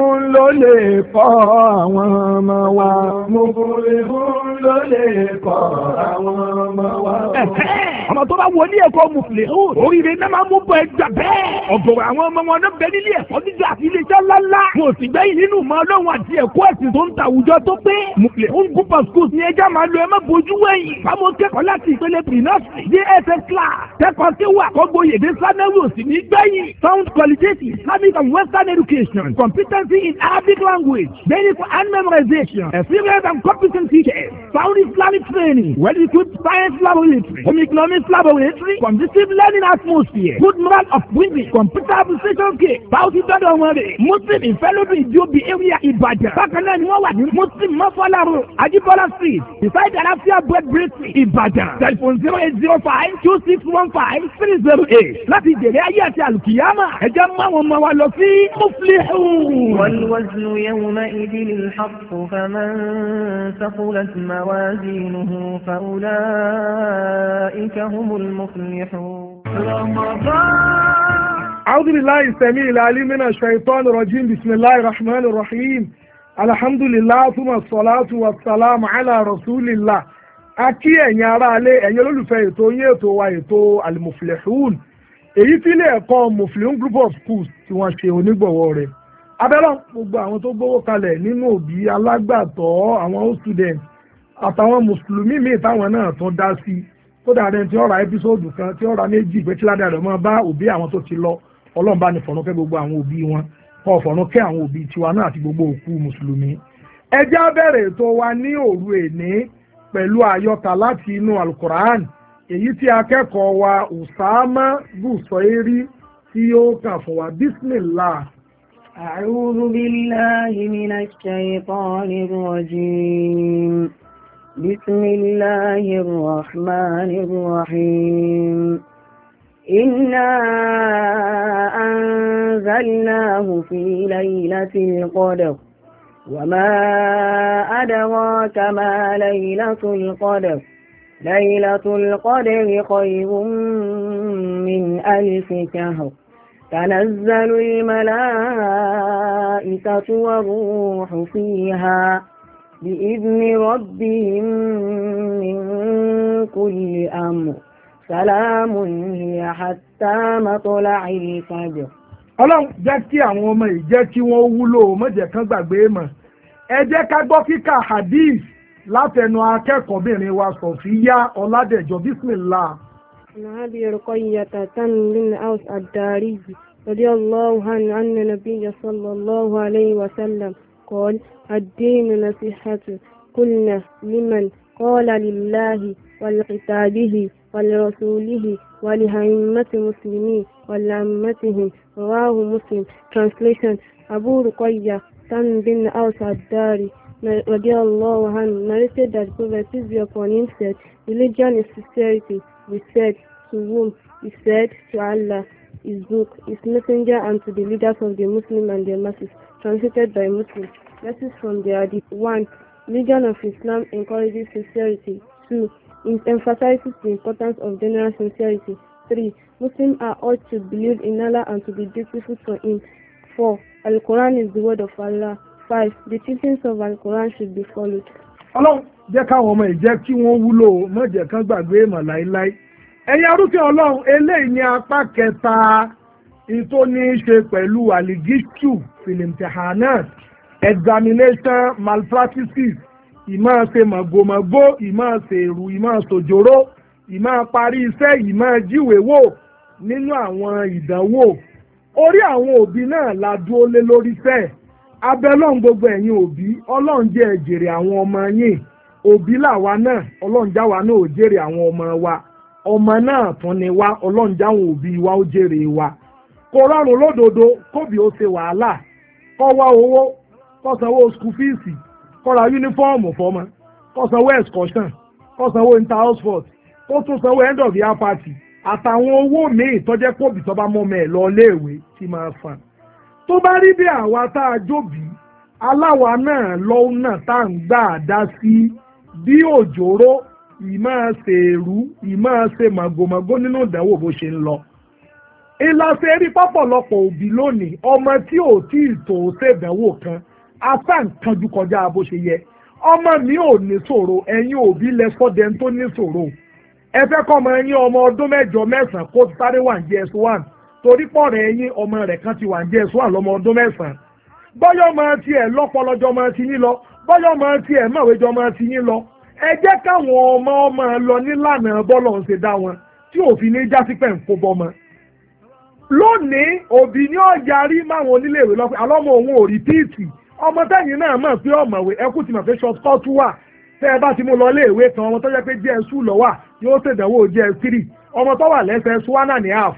fún ló lè kọ́ àwọn ọmọ wa. mufilihun ló lè kọ́ ọmọ wa. ọmọ tó bá wọ ní ẹ̀kọ́ mufilihun oríire náà máa mú bọ ẹgbà bẹ́ẹ̀. ọ̀gọ̀rọ̀ àwọn ọmọ wọn náà bẹ nílé ẹ̀kọ́ gíga àti iléeṣẹ́ ńláńlá. mo sì gbẹ́yìn nínú ìmọ̀ ọlọ́run àti ẹ̀kọ́ ẹ̀sìn tó ń ta àwùjọ tó pé. mufilihun group of schools ni ẹja máa lo ẹ má bojú wẹ̀yìn. báwo kẹ́kọ̀ọ́ láti ìpele pre-nursery dss class kẹ́kọ̀ọ́ tí wà kọ́gbóyèdè sanẹ́wò sì ní gbẹ̀yìn. sound qualitative islamic and western education competent fluency in Arabic language, medical and memorization, experienced and competent teachers, sound Islamic training, well-equipped science laboratory, home economics laboratory, conducive learning atmosphere, good moral of women, computer application kit, bounty dọ́dọ̀ wọn rè. Muslim ìfẹ́lódù ìjọbi area Ìbàdàn. Bákan náà ni wọ́n wà ní Muslim Mọ́fọ́láro, Ajibola street, beside Alafia bread in Ìbàdàn. Telephone zero eight zero five two six one five three zero eight. Láti jèrè ayé àti àlùkìyámà, ẹ jẹ́ mú àwọn ọmọ wa lọ sí Muflihun. والوزن يومئذ الحق فمن ثقلت موازينه فأولئك هم المفلحون أعوذ بالله السميع العليم من الشيطان الرجيم بسم الله الرحمن الرحيم الحمد لله ثم الصلاة والسلام على رسول الله أكي أن يرى لي أن يرى yín ètò wa وأيتو المفلحون èyí tí ilé ẹ̀kọ́ muflehun group of schools tí wọ́n ṣe onígbọ̀wọ́ rẹ̀ abẹ́lọ́ gbogbo àwọn tó gbówó kalẹ̀ nínú òbí alágbàtọ́ àwọn old students àtàwọn mùsùlùmí míì táwọn náà tó dá sí tó dáa dẹni tí ó ra ẹ́písòdù kan tí ó ra méjì pé kí ládàá rẹ̀ mọ́ bá òbí àwọn tó ti lọ ọlọ́run bá ní fọ̀nùkẹ́ gbogbo àwọn òbí wọn kọ́ fọ̀nùkẹ́ àwọn òbí tiwa náà àti gbogbo òkú mùsùlùmí. ẹ já bẹ̀rẹ̀ ètò ní òru èní pẹ̀lú àyọkà láti inú alukur'an èyí tí akẹ́kọ̀ọ́ wa usama busoiri tí ó kà fún wa bismillah. أعوذ بالله من الشيطان الرجيم بسم الله الرحمن الرحيم إنا أنزلناه في ليلة القدر وما أدراك ما ليلة القدر ليلة القدر خير من ألف شهر تنزل الملائكة والروح فيها بإذن ربهم من كل أمر سلام هي حتى مطلع الفجر ọlọ́run jẹ́ kí àwọn ọmọ yìí jẹ́ kí wọ́n wúlò má jẹ́ kán gbàgbé mọ̀ ẹ jẹ́ ká gbọ́ kíkà hadith látẹnu akẹ́kọ̀ọ́bìnrin wa sọ̀fíyá ọládẹ̀jọ́ bísmìlá عن أبي رقية بن أوس الداري رضي الله عنه أن النبي صلى الله عليه وسلم قال الدين نصيحة قلنا لمن قال لله ولكتابه ولرسوله ولهيمة المسلمين ولأمتهم رواه مسلم Translation أبو رقية تن بن أوس الداري Allah anhu narrated that Prophet, peace be upon said, Religion is sincerity, we said, to whom? We said, to Allah, His book, His messenger, and to the leaders of the Muslim and their masses. Translated by Muslim. Lessons from the Hadith. 1. Religion of Islam encourages sincerity. 2. It emphasizes the importance of general sincerity. 3. Muslims are urged to believe in Allah and to be grateful to Him. 4. Al Quran is the word of Allah. 5 the teachings of Al-Quran should be followed. ọlọ́run jẹ́ káwọn ọmọ ìjẹ́ kí wọ́n wúlò má jẹ́ kán gbàgbé ìmọ̀ láéláé ẹ̀yin arúgbó ọlọ́run eléyìí ni apá kẹta ìtò ní í ṣe pẹ̀lú aligistu filimtihanat examination malpractices ìmọ̀ ṣe màgòmágó ìmọ̀ ṣe èrú ìmọ̀ ṣòjòrò ìmọ̀ parí iṣẹ́ ìmọ̀ jíwèwò nínú àwọn ìdánwò orí àwọn òbí náà la dúró lé lórí sẹ́ẹ̀ abẹ́lọ́n gbogbo ẹ̀yin òbí ọlọ́run jẹ́ ẹ̀jèrè àwọn ọmọ yín òbí làwa náà ọlọ́run jáwa náà ò jèrè àwọn ọmọ wa ọmọ náà tún ni wá ọlọ́run jáwọn òbí wa ó jèrè wa kò rọrùn lódodo kóbi ó ṣe wàhálà owó sanwó fọmọ sanwó excursion sanwó inter end of year party àtàwọn owó míì kóbi mọ́ lọ tó bá rí bí àwa tá a jóbi aláwa náà lọ́nà tá à ń gbà dá sí bí òjòrò ìmọ̀ ṣe èrú ìmọ̀ ṣe màgòmágó nínú ìdánwò bó ṣe ń lọ. ìlàsẹ̀ rí pọ̀pọ̀lọpọ̀ òbí lónìí ọmọ tí ò tí ì tó ṣèdánwò kan afá nǹkan ju kọjá bó ṣe yẹ ọmọ mi ò ní ṣòro ẹ̀yin òbí lẹ́sọ̀dẹ̀ tó ní ṣòro ẹ fẹ́ kọ́ ọmọ ẹ̀yin ọmọ ọdún mẹ́jọ mẹ́sàn-án kó sáré wà ní js one torí pọ̀ rẹ̀ yín ọmọ rẹ̀ kan ti wà ń jẹ́ ẹ̀sùn àlọ́mọ ọdún mẹ́sàn-án bọ́yọ̀ máa máa ti yín lọ bọ́yọ̀ máa tiẹ̀ mọ̀wéjọ́ máa ti yín lọ ẹ jẹ́ káwọn ọmọ ọmọ lọ nílànà bọ́lọ̀ ń ṣe dá wọn tí òfin ní jásí pẹ̀ ń kó bọ́mọ. lónìí òbí máwọn oníléèwé àlọ́mọ òun ò rìpíìtì ọmọ tẹ́yìn ti mọ̀ pé shortcut wà tẹ́ ẹ bá ti mú lọ kan ọmọ tó pé ṣèdánwò 3 ọmọ tó wà lẹ́sẹ̀ 1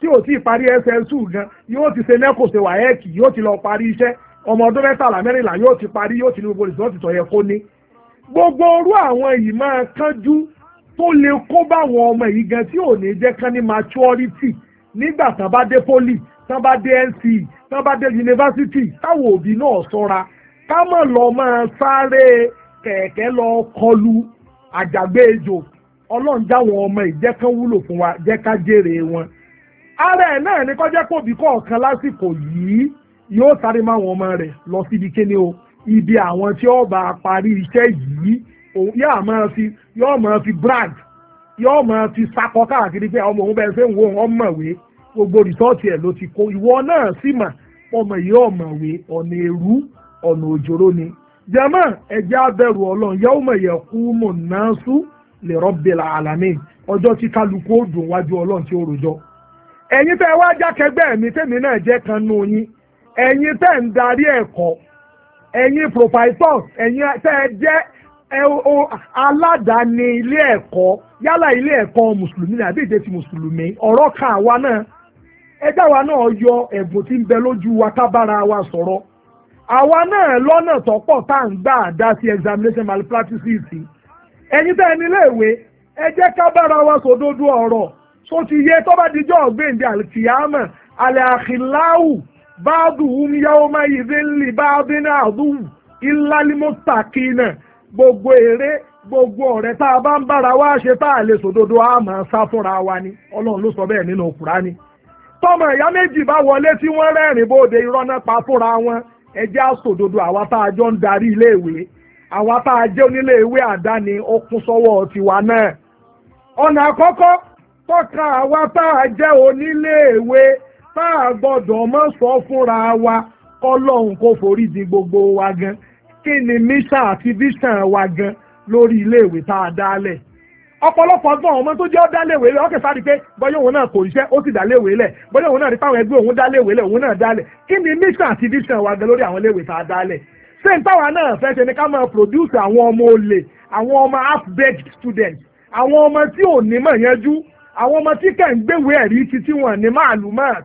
tí ò tí ì parí ss2 gan yóò ti ṣe nẹ́kò ṣe wáyẹ́ẹ̀kì e yóò ti lọ parí iṣẹ́ ọmọ ọdún mẹ́tàlá mẹ́rìnlá yóò ti parí yóò ti ní gbogbo rìsọ́ọ̀tì tó kó ní. gbogbo orú àwọn yìí máa kánjú tó lè kó báwọn ọmọ yìí gan tí ò ní jẹ́ kán ní maturity nígbà tán bá dé poli tán bá dé nce tán bá dé yunifásitì táwọn òbí náà sọ́ra ká mọ̀ lọ máa sáré kẹ̀kẹ́ lọ kọlu àjàgbé ejò ọlọ́run jáwọn ọmọ yìí fún wa jẹ́ jèrè wọn ara ẹ̀ náà ni kọjá pòbí kọ̀ọ̀kan lásìkò yìí yóò sáré máa wọn ọmọ rẹ̀ lọ síbi kíni o ibi àwọn tí ó bá parí iṣẹ́ yìí yóò máa fi yóò máa fi brand yóò máa fi sakọ káàkiri pé ọmọ òun bẹ́ẹ̀ ṣe ń wo ọmọwé gbogbo rìsọ́ọ̀tì ẹ̀ ló ti kó ìwọ náà sì mà ọmọ yìí ọmọwé ọ̀nà èrú ọ̀nà òjòrò ni jama ẹ̀jẹ̀ abẹ́rù ọlọ́run yẹ́wò mọ̀ yẹ kú mọ̀ náà sú lè rọ́bìlà àlàmì ọjọ́ tí kálukú ó dùn wájú ọlọ́run tí ó rojọ́ ẹ̀yin tẹ́ wá jákẹ́gbẹ́ mi tèmi náà jẹ́ kan nù yín ẹ̀yin tẹ́ ń darí ẹ̀kọ́ ẹ̀yin proprietors ẹ̀yin tẹ́ jẹ́ aládàáni ilé ẹ̀kọ́ yálà ilé ẹ̀kọ́ mùsùlùmí àbí ìjẹ́ ti mùsùlùmí ọ̀rọ̀ kan àwa náà àwa náà yọ ẹ̀bùn tí ń bẹ lójú wa kábára wa sọ̀rọ̀ àwa náà lọ́nà tọ́pọ̀ tá à ń gbà dá sí examination malpractices ẹ̀yin tẹ́ ẹni léèwé ẹ jẹ́ kábára wa so ti yẹ tó bá dijọ́ ọ̀gbẹ́ndé àlùkìyàmọ̀ alẹ́ àkìláwù báàdù umyáwọ́má ìdílé báàdù náà gbogbo ere gbogbo ọ̀rẹ́ tá a bá ń bára wá ṣe tá a lè sòdodo a máa sá fúnra wa ni ọlọ́run bẹ́ẹ̀ nínú tọmọ ìyá méjì bá wọlé tí rẹ́rìn bóde irọ́ náà pa fúnra wọn àwa tá a jọ ń darí àwa tá a jẹ́ àdáni ó kún sọ́wọ́ tiwa tọ́ka àwa tá a jẹ́ oníléèwé tá a gbọ́dọ̀ mọ́ sọ fúnra wa kọ́lọ́hún kó forí di gbogbo wa gan kí ni mísà àti bísàn wa gan lórí iléèwé tá a dálẹ̀ ọ̀pọ̀lọpọ̀ gan ọmọ tó jẹ́ ó dáléwé lẹ̀ ọ̀kẹ́ sáré pé bọ́yá òun náà kò ríṣẹ́ ó sì dáléwé lẹ̀ bọ́yá òun náà rí táwọn ẹgbẹ́ òun dáléwé lẹ̀ òun náà dálẹ̀ kí ni mísàn àti bísàn wa gan lórí àwọn iléèwé tá a dálẹ̀ ṣé n táwa náà fẹ́ ṣe ni ká máa produce àwọn ọmọ olè àwọn ọmọ half-baked students àwọn ọmọ tí ò ní mọ̀ yanjú àwọn ọmọ tí kẹ̀ ń gbéwé ẹ̀rí títí wọn ní màálù máa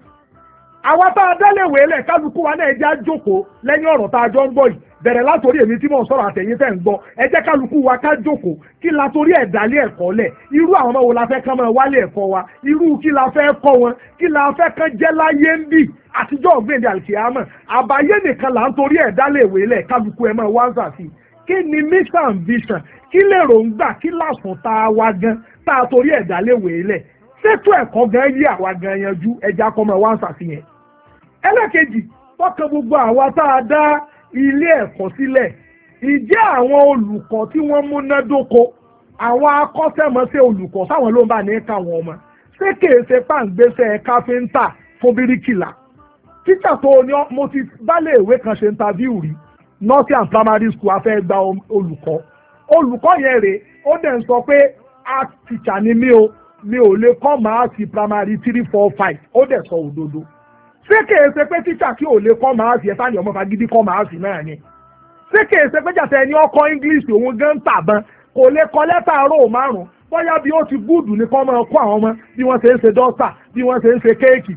àwa tá a dálẹ̀wé lẹ̀ kálukú wa náà ẹ jẹ́ àjókòó lẹ́yìn ọ̀rọ̀ tá a jọ ń gbọ́ yìí bẹ̀rẹ̀ látòrí èmi tí mò ń sọ̀rọ̀ àtẹ̀yìn tẹ̀ ń gbọ́ ẹ jẹ́ kálukú wa ká jókòó kí la torí ẹ̀ dálé ẹ̀kọ́ lẹ̀ irú àwọn ọmọ wo la fẹ́ kán máa wálé ẹ̀kọ́ wa irú kí la fẹ́ kọ́ wọn kí la fẹ́ kán jẹ́ láyé ń bì àtijọ́ ọ̀gbìnrin àlìkìyàmọ̀ àbáyé nìkan là ń torí ẹ̀ dálé ìwé lẹ̀ kálukú ẹ̀ máa wá ń sàfihàn kí ni mission vision kí lèrò ń gbà kí lásán tá a wá gan tá a torí ẹ̀dá léwèé lẹ̀ ṣètò ẹ̀kọ́ gan yí àwa gan yanjú ẹja kọ́mọ wá ń ṣàfihàn. ẹlẹ́kejì tọ́ka gbogbo àwa tá a dá ilé ẹ̀kọ́ sílẹ̀ ìjẹ́ àwọn olùkọ́ tí wọ́n múnádóko àwọn akọ́ṣẹ́mọṣẹ́ olùkọ́ sáwọn ló ń bá ní káwọn ọmọ ṣé kèé ṣe pàǹgbẹ́sẹ̀ káfíńtà fún bíríkìlà títà tó ní mo ti bá lè ìwé kan ṣe interview rí nursery and primary school afẹ́ gba olùkọ́ olùkọ́ yẹn rèé ó dẹ̀ ń sọ pé art teacher ni mí o mi ò lè kọ́ máàsì primary three four five ó dẹ̀ sọ òdodo ṣé kèé ṣe pé tíṣà kí ò lè kọ́ máàsì ẹ̀ sáni ọmọ fagídí kọ́ máàsì náà ni ṣé kèé ṣe pé jàtẹ̀ ẹni ọkọ̀ english òun gan tàbọn kò lè kọ́ lẹ́tà àárọ̀ márùn-ún bóyá bí ó ti gúùdù ní kọ́ máa kó àwọn ọmọ bí wọ́n ṣe ń ṣe dọ́sà bí wọ́n ṣe ń ṣe kéèkì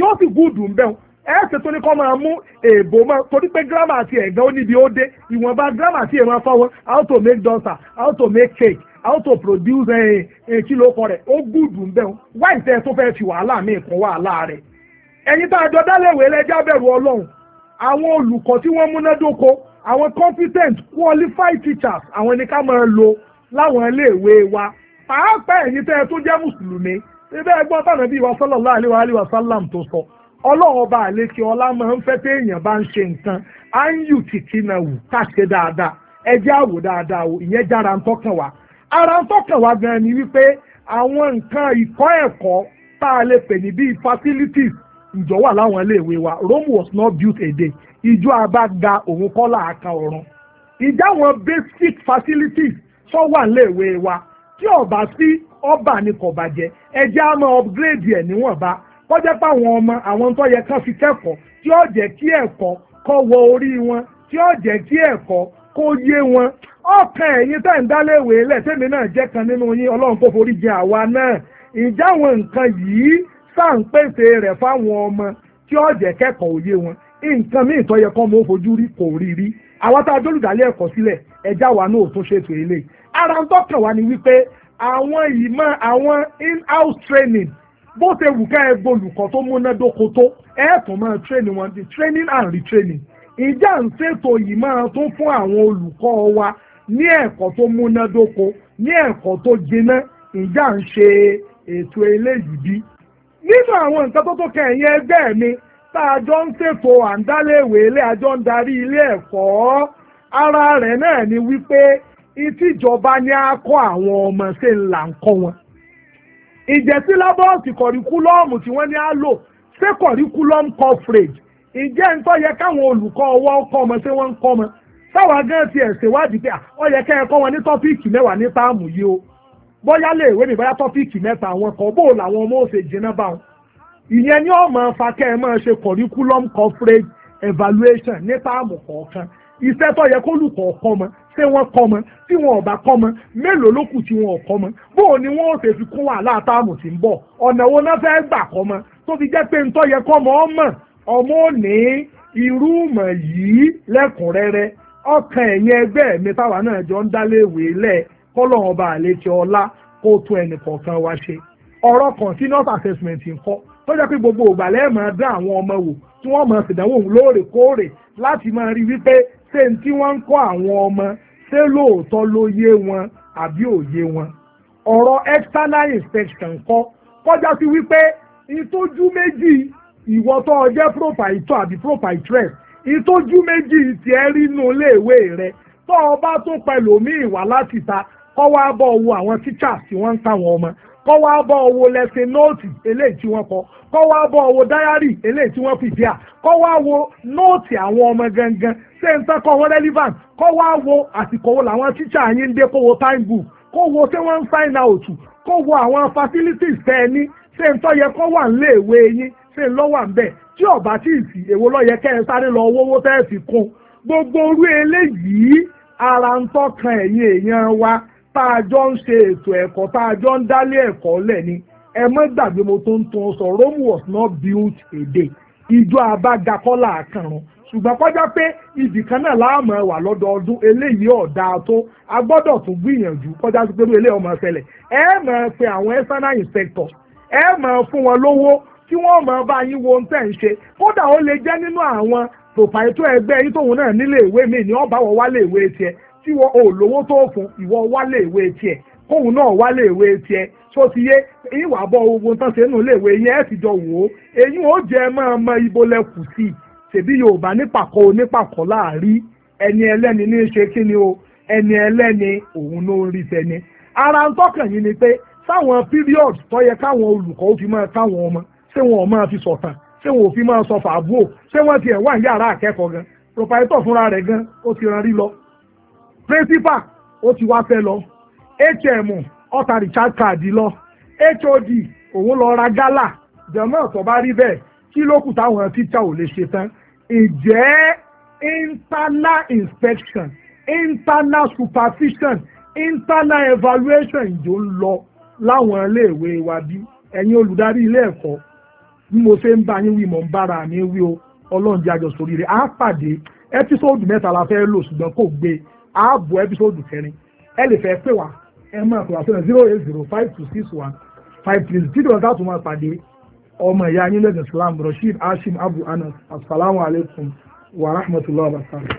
yóò sì gúùdù ń bẹ́ẹ̀ ẹ̀ẹ́sẹ̀ tó ní kọ́ máa mú èèbò mọ́ torí pé gírámà àti ẹ̀gán ó níbi ó dé ìwọ̀nba gírámà àti èèmọ̀ fáwọn how to make dosa how to make cake how to produce ẹ̀ eh, ẹ̀ eh, kí ló kọ rẹ̀ ó gùdù ń bẹ̀ wọn wáyé tẹ́ ẹ tó fẹ́ fi wàhálà mi kún wàhálà rẹ̀ ẹ̀yin tá a jọ dálẹ̀wé lẹ́jà bẹ̀rù ọlọ́run àwọn olùkọ́ tí wọ́n múnádóko àwọn competent qualified teachers àwọn ni ká máa lo láwọn iléèwé wa pàápàá ẹ̀yin tẹ́ ẹ tó jẹ́ mùsùlùmí ẹ bẹ́ẹ̀ gbọ́ tànàbí wa sallallahu alaihi wa sallam tó sọ ọlọ́run ọba àlekè ọlá máa ń fẹ́ pé èèyàn bá ń ṣe nǹkan á ń yù tìtì náà wù káṣe dáadáa ẹ jẹ́ àwò dáadáa o ìyẹn jára ń tọ́kàn wá ara ń tọ́kàn wá gan-an ni wípé àwọn nǹkan ìkọ́ ẹ̀kọ́ tá a lè pè ní bíi facilities ìjọ wà láwọn iléèwé wa Rome was not built a day ìjọ abága òun kọ́ làákà ọ̀run ìjà àwọn basic facilities sọ wà níléèwé wa tí ọba sí ọba ni kò bàjẹ́ ẹ jẹ́ á máa upgrade ẹ̀ níwọ̀nba kọjá pé àwọn ọmọ àwọn tó yẹ fi kẹ́kọ̀ọ́ tí ó jẹ́ kí ẹ̀kọ́ kọ́ wọ orí wọn tí ó jẹ́ kí ẹ̀kọ́ kó yé wọn ọkàn ẹ̀yin tá ń náà jẹ́ kan nínú yín ọlọ́run kó forí jẹ àwa náà ìjà àwọn nǹkan yìí sáà rẹ̀ fáwọn ọmọ tí ó jẹ́ kẹ́kọ̀ọ́ òye wọn nǹkan míì tó yẹ kán fojú rí kò rí bó ṣe wù ká ẹ bolùkọ́ tó múnádóko tó ẹ tún máa training wọn di training and retraining ìjà ń ṣètò yìí máa tún fún àwọn olùkọ́ wa ní ẹ̀kọ́ tó múnádóko ní ẹ̀kọ́ tó jiná ìjà ń ṣe ètò eléyìí bí nínú àwọn nǹkan tó tó kẹ̀yìn ẹgbẹ́ mi tá a jọ ń ṣètò àǹdálẹ̀wé ilé àjọ ń darí ilé ẹ̀kọ́ ara rẹ̀ náà ni wípé ìtìjọba ní á kọ́ àwọn ọmọ ṣe ń là ń kọ́ wọn ìjẹ́ sílábọ́ọ̀sì kọ̀ríkúlọ́ọ̀mù tí wọ́n ní á lò ṣé kọ̀ríkúlọ́ọ̀mù coverage ìjẹ́ nǹkan yẹ káwọn olùkọ́ ọwọ́ kọ́ ọmọ ṣé wọ́n ń kọ́ ọmọ táwọn agán ti ẹ̀ ṣèwádìí pé ó yẹ kẹ́ ẹ kọ́ wọn ní tọ́píìkì mẹ́wàá ní táàmù yìí o bóyá lè wé mi bóyá tọ́píìkì mẹ́ta àwọn kan bó làwọn ọmọ òsè jìnnà bá wọn. ìyẹn ni ó máa fa kẹ́ ẹ máa ṣe curriculum coverage evaluation ní táàmù kọ̀ọ̀kan iṣẹ́ tó yẹ kó lùkọ̀ ọ̀kan mọ́ ṣé wọ́n kọ́ mọ́ tí wọn ò bá kọ́ mọ́ mélòó ló kù tí wọn ò kọ́ mọ́ bóò ni wọn ò ṣe fi kún wàhálà táàmù tí ń bọ̀ ọ̀nà wo náà fẹ́ẹ́ gbà kọ́ mọ́ tó fi jẹ́ pé ń tọ́ yẹ kọ́ mọ́ ọmọ ọmọ ò ní irú mọ̀ yìí lẹ́kùnrẹ́rẹ́ ọkàn ẹ̀yìn ẹgbẹ́ mi táwa náà jọ ń dálé ìwé lẹ̀ kọ́lọ́run ọba àlejò ọlá kó tún ẹnì kọ̀ọ̀kan wa ṣe ọ̀rọ̀ continuous assessment ńkọ́ tó jẹ́ pé gbogbo ìgbà lẹ́ẹ̀ máa dán àwọn ọmọ wò tí wọ́n máa ṣèdánwò lóòrèkóòrè láti máa rí wípé ṣé n tí wọ́n ń kọ́ àwọn ọmọ ṣé lóòótọ́ ló yé wọn àbí ò yé wọn ọ̀rọ̀ external inspection kọ́ kọjá sí wípé ìtọ́jú méjì ìwọ tó ọjẹ́ proprietor àbí proprietress ìtọ́jú méjì tiẹ̀ rí inú iléèwé rẹ tó o bá tún pẹ̀lú mi ìwà láti ta kọ́ wá bọ̀ wo àwọn teachers tí wọ́n ń káwọn ọmọ kọ́ wá bọ́ owó lẹ́sìn nóòtì eléyìí tí wọ́n kọ kọ́ wá bọ́ owó dáyárì eléyìí tí wọ́n fìdí à kọ́ wá wo nóòtì àwọn ọmọ gangan ṣé n tán kọ́ wọ́n relevant kọ́ wá wo àsìkò wo làwọn tíṣà yín ń dé kó wo time book kó wo ṣé wọ́n ń sign out kó wo àwọn facilities tẹ́ ẹ ní ṣé n tán yẹ kó wà nílé ìwé yín ṣé n lọ́ wà ń bẹ̀ tí ọ̀bá tí ì sì èwo ló yẹ kẹ́ ẹ sáré lọ owó tẹ́ ẹ fi kún gbogbo orú eléyìí ara ń tọ́kan ẹ̀yin èèyàn wa tá a ń ṣe ètò ẹ̀kọ́ tá ń dálé ẹ̀kọ́ lẹ̀ ni ẹ mọ́ gbàgbé mo tó ń tún sọ Rome was not built a day ìjọ abágakọ́là àkànrun ṣùgbọ́n kọjá pé ibì kan náà láàmú wà lọ́dọọdún eléyìí ọ̀dà tó a gbọ́dọ̀ tún gbìyànjú kọjá sí pé eléyìí ọmọ ṣẹlẹ̀ ẹ máa pe àwọn external inspectors ẹ máa fún wọn lówó kí wọ́n máa bá yín wo ohun tẹ̀ ń ṣe kódà ó lè jẹ́ nínú àwọn tòpáìtò ẹgbẹ́ yín tóun náà nílé ìwé mi ni ọba wọ wálé ìwé tiẹ̀ tí wọn ò lówó tó fún ìwọ wálé ìwé tiẹ̀ kóun náà wálé ìwé tiẹ̀ tó ti yé eyín wàá bọ ogun tán ṣe nù léèwé yẹn ẹ ti jọ wò ó eyín ó jẹ máa mọ ibo lẹ kù sí i ṣèbí yorùbá nípàkọ onípàkọ láàrí ẹni ẹlẹ́ni ní í ṣe kí ni o ẹni ẹlẹ́ni òun ló ń rí tẹni ara ń tọ́kàn yín ni pé sáwọn period tó yẹ káwọn olùkọ́ ó fi máa káwọn ọmọ ṣé wọn ò máa fi sọ̀tàn ṣé wọn ò fi máa sọ fàbúò ṣé wọn tiẹ̀ wà ní yàrá akẹ́kọ̀ọ́ gan proprietor fúnra rẹ̀ gan ó ti ran rí lọ principal ó ti wá fẹ́ lọ hm ó ta recharge card lọ hod òun lọ ra gálà jẹ̀mọ́ ọ̀tọ̀ bá rí bẹ́ẹ̀ kí ló kù táwọn tíṣà ò lè ṣe tán ìjẹ́ internal inspection internal supervision internal evaluation ìjọ ń lọ láwọn iléèwé wa bí ẹ̀yin olùdarí ilé ẹ̀kọ́ bí mo ṣe ń bá yín wí mò ń bára mi wí o ọlọ́run jẹ́ àjọsọ rírẹ̀ á pàdé ẹ́písọ́ọ̀dù mẹ́ta la fẹ́ lò ṣùgbọ́n kò gbé e ààbò ẹ́písòdù kẹrin ẹ lè fẹ́ pè wá ẹ máa pè wá sọ́nà zero eight zero five two six one five three zero three two one máa pàdé ọmọ ìyá yín lẹ́sìn Islam Rasheed Hashim Abu Anas asalaamualeykum wa rahmatulah wa barakatuh.